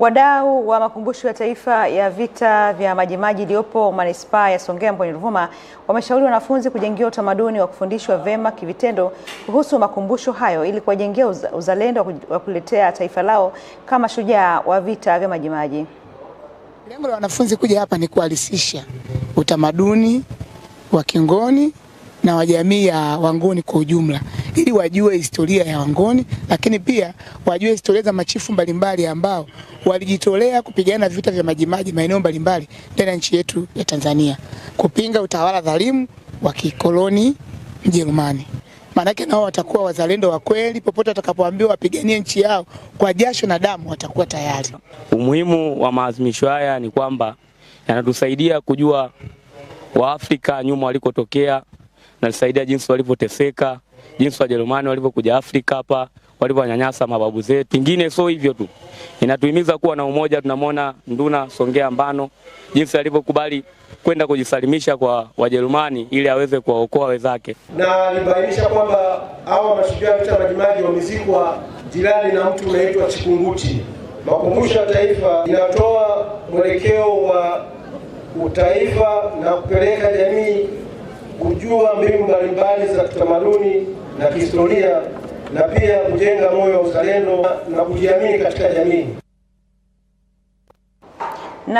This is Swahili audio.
Wadau wa makumbusho ya taifa ya vita vya Majimaji iliyopo manispaa ya Songea mkoani Ruvuma wameshauri wanafunzi kujengea utamaduni wa kufundishwa vyema kivitendo kuhusu makumbusho hayo ili kuwajengea uzalendo wa kuletea taifa lao kama shujaa wa vita vya Majimaji. Lengo la wanafunzi kuja hapa ni kuhalisisha utamaduni wa Kingoni na wa jamii ya Wangoni kwa ujumla ili wajue historia ya Wangoni, lakini pia wajue historia za machifu mbalimbali ambao walijitolea kupigana vita vya majimaji maeneo mbalimbali ndani ya nchi yetu ya Tanzania kupinga utawala dhalimu wa kikoloni Mjerumani. Maanake nao watakuwa wazalendo wa kweli, popote watakapoambiwa wapiganie nchi yao kwa jasho na damu watakuwa tayari. Umuhimu wa maadhimisho haya ni kwamba yanatusaidia kujua Waafrika nyuma walikotokea, natusaidia jinsi walivyoteseka jinsi Wajerumani walivyokuja Afrika hapa walivyonyanyasa mababu zetu. Ingine sio hivyo tu, inatuhimiza kuwa na umoja. Tunamwona Nduna Songea Mbano jinsi alivyokubali kwenda kujisalimisha kwa Wajerumani ili aweze kuwaokoa wenzake, na alibainisha kwamba hawa mashujaa vita Majimaji wamezikwa jirani na mtu unaitwa Chikunguti. Makumbusho ya Taifa inatoa mwelekeo wa utaifa na kupeleka jamii kujua mbinu mbalimbali za kitamaduni na kihistoria na pia kujenga moyo wa uzalendo na kujiamini katika jamii.